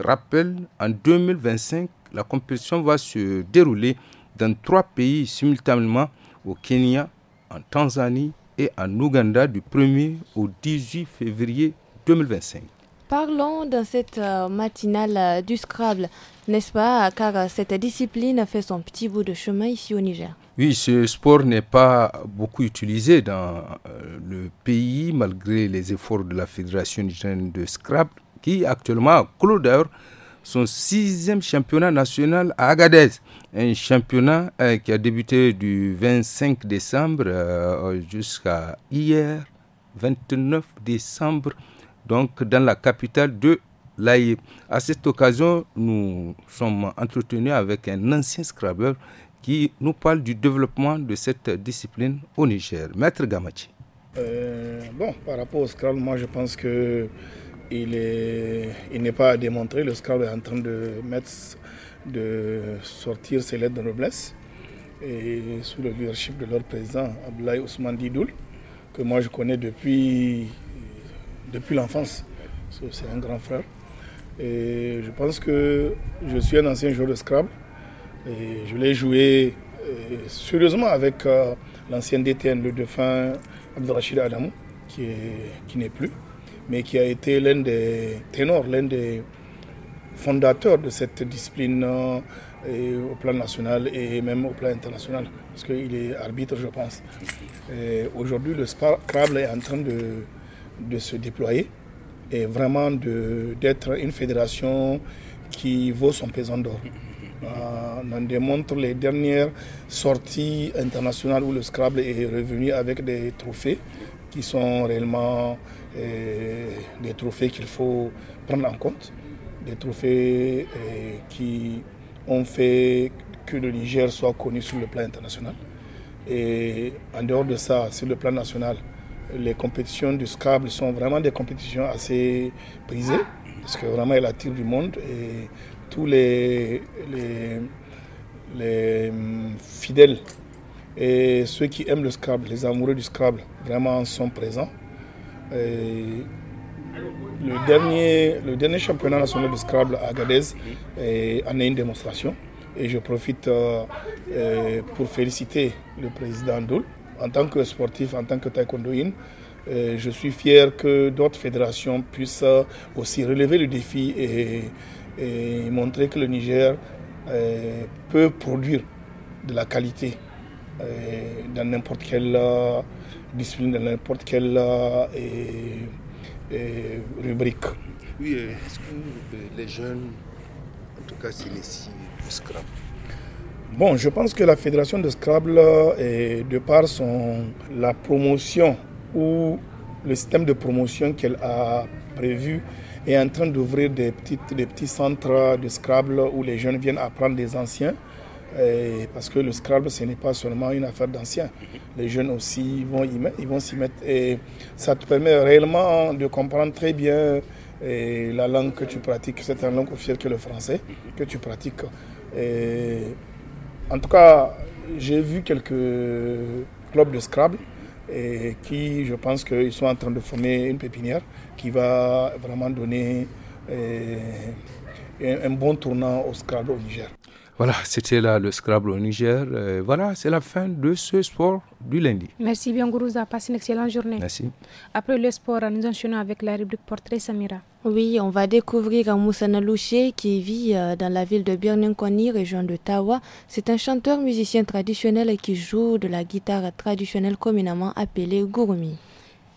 rappel, en 2025, la compétition va se dérouler dans trois pays simultanément au Kenya, en Tanzanie et en Ouganda du 1er au 18 février 2025. Parlons dans cette euh, matinale euh, du Scrabble, n'est-ce pas Car euh, cette discipline fait son petit bout de chemin ici au Niger. Oui, ce sport n'est pas beaucoup utilisé dans le pays malgré les efforts de la Fédération nigérienne de Scrabble qui actuellement clôt d'ailleurs son sixième championnat national à Agadez. Un championnat euh, qui a débuté du 25 décembre euh, jusqu'à hier, 29 décembre, donc dans la capitale de l'Aïe. À cette occasion, nous sommes entretenus avec un ancien scrabbleur qui nous parle du développement de cette discipline au Niger. Maître Gamachi. Euh, bon, par rapport au Scrabble, moi je pense que il n'est pas démontré, Le Scrabble est en train de, mettre, de sortir ses lettres de noblesse. Et sous le leadership de leur président, Abdoulaye Ousmane Didoul, que moi je connais depuis, depuis l'enfance. C'est un grand frère. Et je pense que je suis un ancien joueur de Scrabble. Et je l'ai joué euh, sérieusement avec euh, l'ancien DTN, le défunt Abdelrachid Adamou, qui n'est plus mais qui a été l'un des ténors, l'un des fondateurs de cette discipline euh, au plan national et même au plan international, parce qu'il est arbitre, je pense. Aujourd'hui, le Scrabble est en train de, de se déployer et vraiment d'être une fédération qui vaut son pesant d'or. Euh, on en démontre les dernières sorties internationales où le Scrabble est revenu avec des trophées qui sont réellement des trophées qu'il faut prendre en compte, des trophées euh, qui ont fait que le Niger soit connu sur le plan international. Et en dehors de ça, sur le plan national, les compétitions du Scrabble sont vraiment des compétitions assez prisées, parce que vraiment elle attire du monde et tous les, les, les fidèles et ceux qui aiment le Scrabble, les amoureux du Scrabble, vraiment sont présents. Euh, le dernier, le dernier championnat national de Scrabble à Agadez euh, en est une démonstration. Et je profite euh, pour féliciter le président Doul. En tant que sportif, en tant que taekwondoïne, je suis fier que d'autres fédérations puissent aussi relever le défi et, et montrer que le Niger peut produire de la qualité dans n'importe quel discipline de n'importe quelle euh, rubrique. Oui, euh, est-ce que euh, les jeunes, en tout cas, s'initient au Scrabble Bon, je pense que la fédération de Scrabble, de par son, la promotion ou le système de promotion qu'elle a prévu, est en train d'ouvrir des, petites, des petits centres de Scrabble où les jeunes viennent apprendre des anciens parce que le Scrabble, ce n'est pas seulement une affaire d'anciens. Les jeunes aussi vont ils vont s'y mettre. Et ça te permet réellement de comprendre très bien la langue que tu pratiques. C'est une langue officielle que le français que tu pratiques. en tout cas, j'ai vu quelques clubs de Scrabble qui, je pense qu'ils sont en train de former une pépinière qui va vraiment donner un bon tournant au Scrabble au Niger. Voilà, c'était là le Scrabble au Niger. Euh, voilà, c'est la fin de ce sport du lundi. Merci bien, Gourouza. Passez une excellente journée. Merci. Après le sport, nous enchaînons avec la rubrique Portrait Samira. Oui, on va découvrir Moussa Nalouché qui vit euh, dans la ville de Birnenkoni, région de Tawa. C'est un chanteur musicien traditionnel qui joue de la guitare traditionnelle communément appelée gourmi.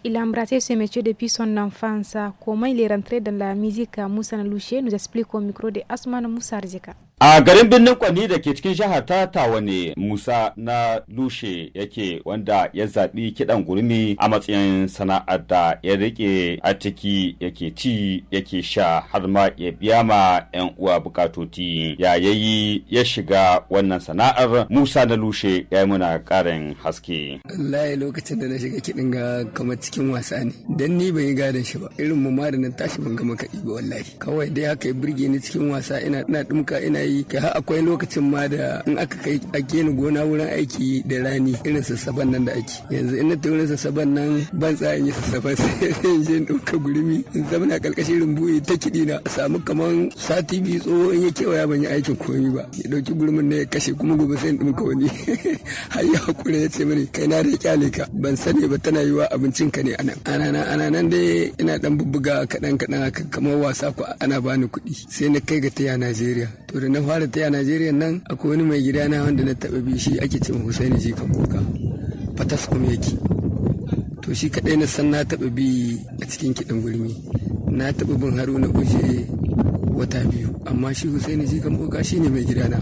Il a embrassé ce métier depuis son enfance. Comment il est rentré dans la musique Moussa Nalouché nous explique au micro de Asman Moussarzika. A garin birnin Kwani da ke cikin jihar ta Tawa ne Musa na Lushe yake wanda ya zaɓi kiɗan gurumi a matsayin sana'ar da ya riƙe a ciki yake ci yake sha har ma ya biya ma 'yan uwa bukatoti. Ya yayi ya shiga wannan sana'ar Musa na Lushe ya yi muna ƙarin haske. Allah lokacin da na shiga kiɗin ga kamar cikin wasa ne. Dan ni ban yi gadon shi ba. Irin mu ma da na tashi ban gama kaɗi ba wallahi. Kawai dai haka ya birge ni cikin wasa ina ɗumka ina yi ka akwai lokacin ma da in aka kai a ni gona wurin aiki da rani irin sassaban nan da ake yanzu ina na ta wurin sassaban nan ban tsayin yi sassaban sai in je in ɗauka gurmi in na ƙarƙashin rumbuyi ta kiɗi na samu kaman sati biyu tsoho in ya kewaya ban yi aikin komi ba ya ɗauki gurmin na ya kashe kuma gobe sai in ɗauka wani har ya hakura ya ce mani kai na da kyale ka ban sani ba tana yiwa abincin ka ne anan ananan ananan dai ina dan bubbuga kaɗan kaɗan haka kamar wasa ko ana bani kuɗi sai na kai ga ta ya Najeriya to da na fara taya Najeriya nan akwai wani mai gidana wanda na taɓa bi shi ake cin ji Jikan Boka Fataskum yake to shi kaɗai na san na taɓa bi a cikin kiɗan gurmi na taɓa bin Haruna Buje wata biyu amma shi Hussaini ji Jikan Boka shine mai gidana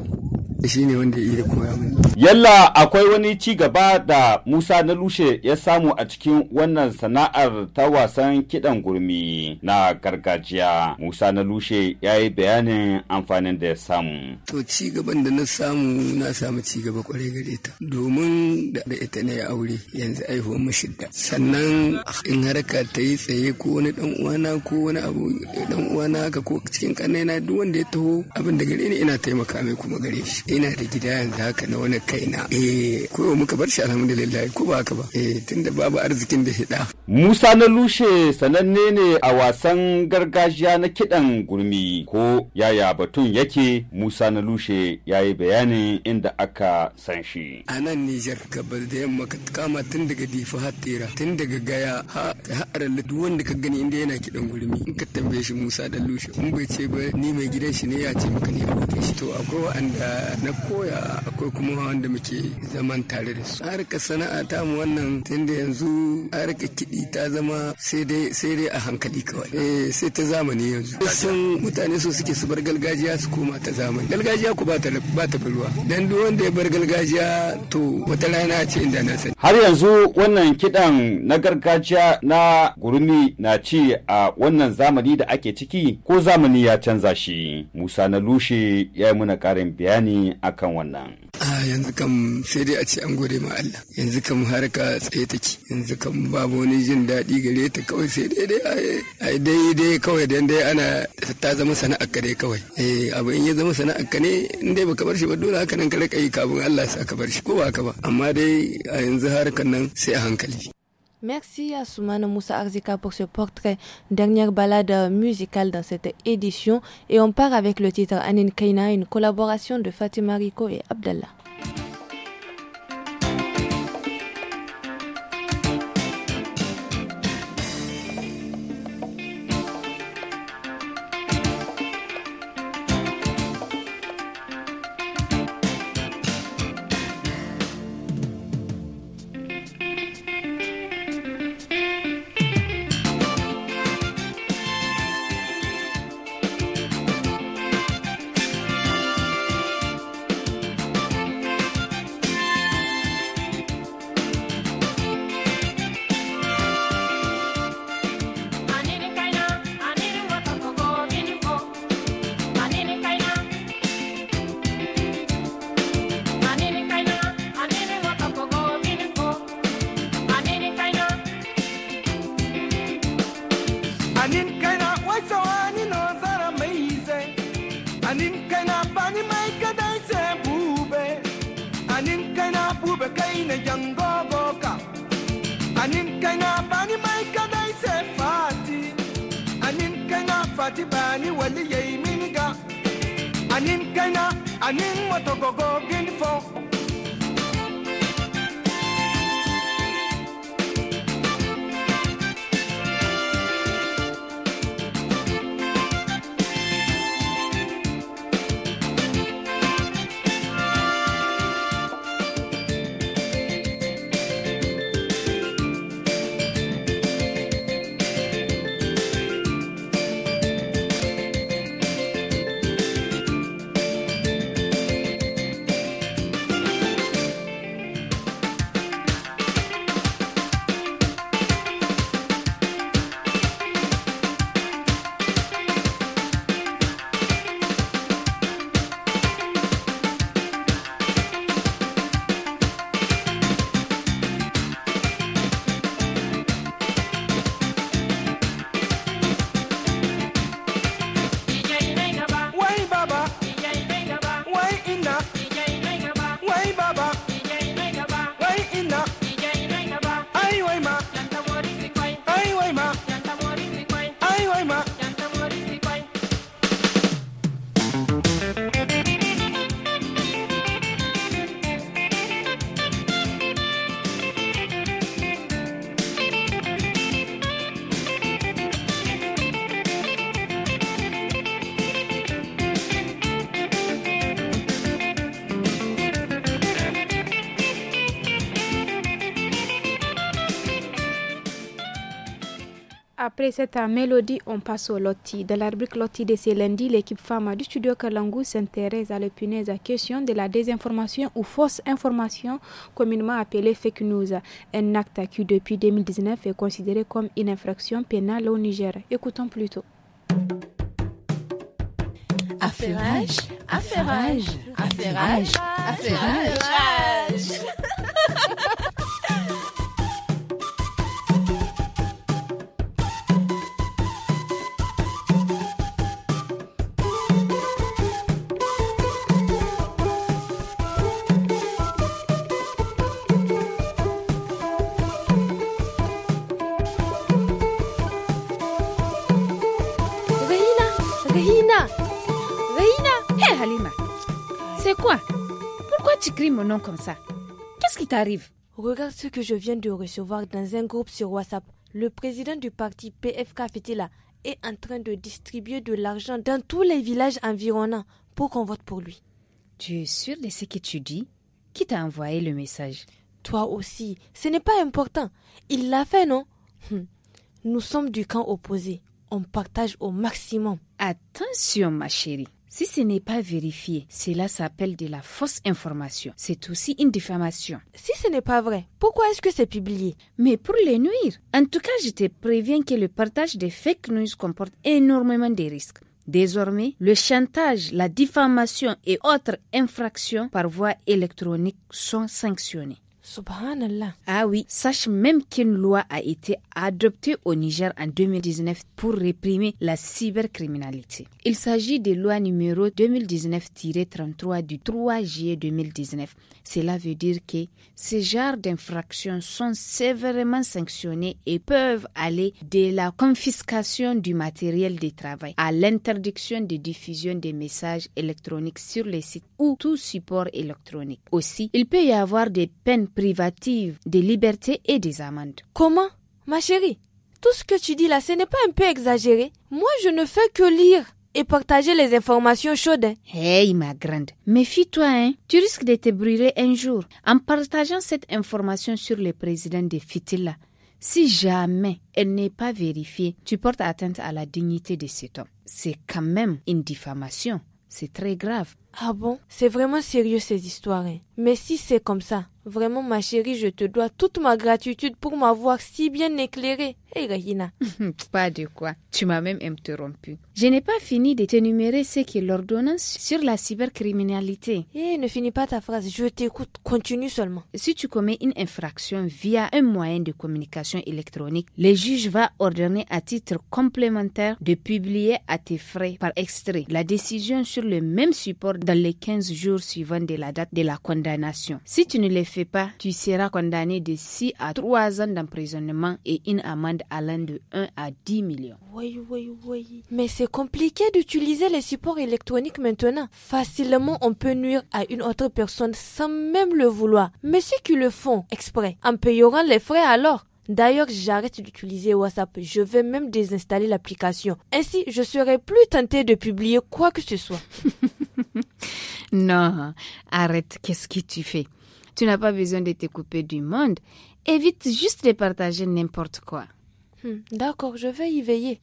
shi ne wanda ya koya mini. Yalla akwai wani ci gaba da Musa na lushe ya samu a cikin wannan sana'ar ta wasan kiɗan gurmi na gargajiya. Musa na lushe ya yi bayanin amfanin da ya samu. To ci gaban da na samu na samu ci gaba kwarai gare ta. Domin da da ita ne aure yanzu aihuwar shidda Sannan in harka ta yi tsaye ko wani dan uwana ko wani abu dan uwana ka ko cikin kanaina duk wanda ya taho abin da gare ni ina taimaka mai kuma gare shi. ina da gida yanzu haka na wani kaina eh ko muka bar shi alhamdulillah ko ba haka ba eh tunda babu arzikin da hida Musa na lushe sananne ne a wasan gargajiya na kidan gurmi ko yaya batun yake Musa na lushe yayi bayani inda aka san shi a nan Niger gabar da yamma ka kama tun daga Difa har Tera tun daga Gaya har duk wanda ka gani inda yana kidan gurmi in ka tambaye shi Musa da lushe in bai ce ba ni mai gidan shi ne ya ce maka ne abokin shi to akwai wanda na koya akwai kuma wanda muke zaman tare da su a sana'a ta mu wannan tunda yanzu a kiɗi ta zama sai dai a hankali kawai eh sai ta zamani yanzu sun mutane su suke su bar gargajiya su koma ta zamani gargajiya ku ba ta ruwa dan duk wanda ya bar gargajiya to wata rana ce inda na sani har yanzu wannan kiɗan na gargajiya na gurumi na ci a wannan zamani da ake ciki ko zamani ya canza shi musa na lushe ya yi muna ƙarin bayani akan wannan. a yanzu kam sai dai a ce an gode ma Allah yanzu kam harka tsaye take yanzu kam babu wani jin daɗi gare ta kawai sai dai dai a dai dai kawai dan dai ana ta zama sana'ar ka dai kawai eh abu in ya zama sana'ar ka ne in dai baka bar shi ba dole haka nan ka rika yi kafin Allah ya saka bar shi ko ba haka ba amma dai a yanzu harkar nan sai a hankali Merci à Soumane Moussa Arzika pour ce portrait. Dernière balade musicale dans cette édition et on part avec le titre Anin Kaina, une collaboration de Fatima Rico et Abdallah. Après cette mélodie, on passe au loti. Dans la rubrique loti de ce lundi, l'équipe femme du studio Kalangu s'intéresse à l'opinion à question de la désinformation ou fausse information, communément appelée fake news, un acte qui depuis 2019 est considéré comme une infraction pénale au Niger. Écoutons plutôt. Affairage, affairage, affairage, quoi Pourquoi tu cries mon nom comme ça Qu'est-ce qui t'arrive Regarde ce que je viens de recevoir dans un groupe sur WhatsApp. Le président du parti PFK Fetila est en train de distribuer de l'argent dans tous les villages environnants pour qu'on vote pour lui. Tu es sûr de ce que tu dis Qui t'a envoyé le message Toi aussi. Ce n'est pas important. Il l'a fait, non hum. Nous sommes du camp opposé. On partage au maximum. Attention, ma chérie. Si ce n'est pas vérifié, cela s'appelle de la fausse information. C'est aussi une diffamation. Si ce n'est pas vrai, pourquoi est-ce que c'est publié Mais pour les nuire. En tout cas, je te préviens que le partage des fake news comporte énormément de risques. Désormais, le chantage, la diffamation et autres infractions par voie électronique sont sanctionnées. Subhanallah. Ah oui, sache même qu'une loi a été adoptée au Niger en 2019 pour réprimer la cybercriminalité. Il s'agit de loi numéro 2019-33 du 3 juillet 2019. Cela veut dire que ces genres d'infractions sont sévèrement sanctionnées et peuvent aller de la confiscation du matériel de travail à l'interdiction de diffusion des messages électroniques sur les sites ou tout support électronique. Aussi, il peut y avoir des peines privative des libertés et des amendes. Comment Ma chérie, tout ce que tu dis là, ce n'est pas un peu exagéré Moi, je ne fais que lire et partager les informations chaudes. Hein. Hey, ma grande, méfie-toi, hein. Tu risques de te brûler un jour en partageant cette information sur le président de Fitila. Si jamais elle n'est pas vérifiée, tu portes atteinte à la dignité de cet homme. C'est quand même une diffamation. C'est très grave. Ah bon C'est vraiment sérieux ces histoires. Hein. Mais si c'est comme ça, Vraiment, ma chérie, je te dois toute ma gratitude pour m'avoir si bien éclairée. Hé, hey, pas de quoi. Tu m'as même interrompu. Je n'ai pas fini de t'énumérer ce qu'est l'ordonnance sur la cybercriminalité. Hé, eh, ne finis pas ta phrase. Je t'écoute. Continue seulement. Si tu commets une infraction via un moyen de communication électronique, le juge va ordonner à titre complémentaire de publier à tes frais par extrait la décision sur le même support dans les 15 jours suivants de la date de la condamnation. Si tu ne les fais pas, tu seras condamné de 6 à 3 ans d'emprisonnement et une amende allant de 1 à 10 millions. Mais c'est compliqué d'utiliser les supports électroniques maintenant. Facilement, on peut nuire à une autre personne sans même le vouloir. Mais ceux qui le font exprès, en payant les frais alors. D'ailleurs, j'arrête d'utiliser WhatsApp. Je vais même désinstaller l'application. Ainsi, je serai plus tentée de publier quoi que ce soit. non, arrête. Qu'est-ce que tu fais tu n'as pas besoin de te couper du monde. Évite juste de partager n'importe quoi. Hmm, d'accord, je vais y veiller.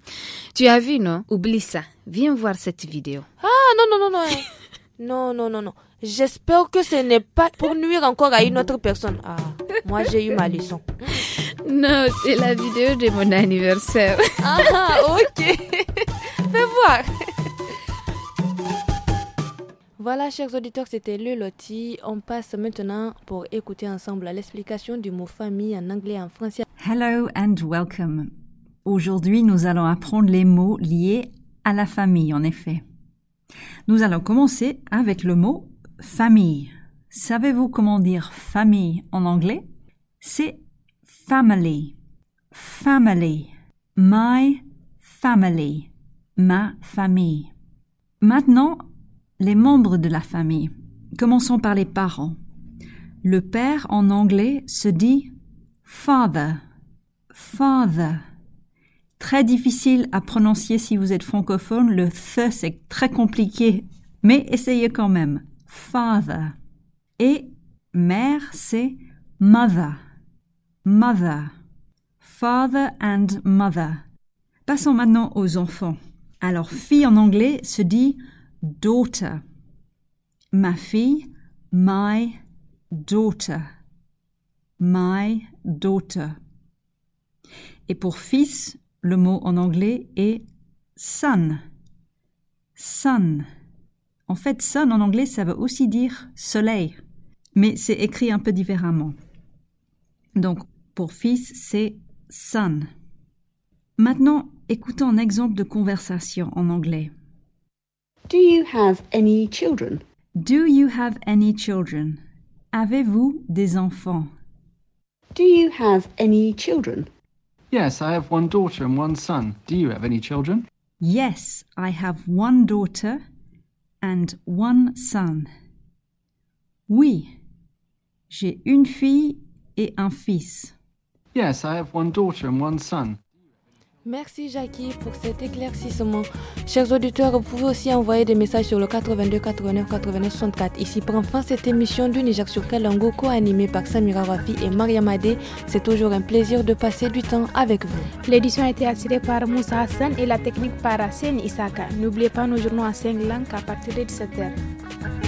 tu as vu, non Oublie ça. Viens voir cette vidéo. Ah, non, non, non, non. Hein. non, non, non, non. J'espère que ce n'est pas pour nuire encore à une autre personne. Ah, moi j'ai eu ma leçon. Non, c'est la vidéo de mon anniversaire. Ah, ok. Fais voir. Voilà, chers auditeurs, c'était le loti. On passe maintenant pour écouter ensemble l'explication du mot famille en anglais et en français. Hello and welcome. Aujourd'hui, nous allons apprendre les mots liés à la famille, en effet. Nous allons commencer avec le mot famille. Savez-vous comment dire famille en anglais C'est family. Family. My family. Ma famille. Maintenant, les membres de la famille. Commençons par les parents. Le père en anglais se dit father, father. Très difficile à prononcer si vous êtes francophone, le th c'est très compliqué, mais essayez quand même. Father. Et mère c'est mother, mother. Father and mother. Passons maintenant aux enfants. Alors fille en anglais se dit daughter. Ma fille, my daughter. My daughter. Et pour fils, le mot en anglais est son. Son. En fait, son en anglais, ça veut aussi dire soleil, mais c'est écrit un peu différemment. Donc, pour fils, c'est son. Maintenant, écoutons un exemple de conversation en anglais. Do you have any children? Do you have any children? Avez-vous des enfants? Do you have any children? Yes, I have one daughter and one son. Do you have any children? Yes, I have one daughter and one son. Oui, j'ai une fille et un fils. Yes, I have one daughter and one son. Merci Jackie pour cet éclaircissement. Chers auditeurs, vous pouvez aussi envoyer des messages sur le 82 89 89 64. Ici prend fin cette émission du Niger sur Kalango co-animée par Samira Rafi et Maria C'est toujours un plaisir de passer du temps avec vous. L'édition a été assurée par Moussa Hassan et la technique par Hassan Isaka. N'oubliez pas nos journaux en 5 langues à partir de 17h.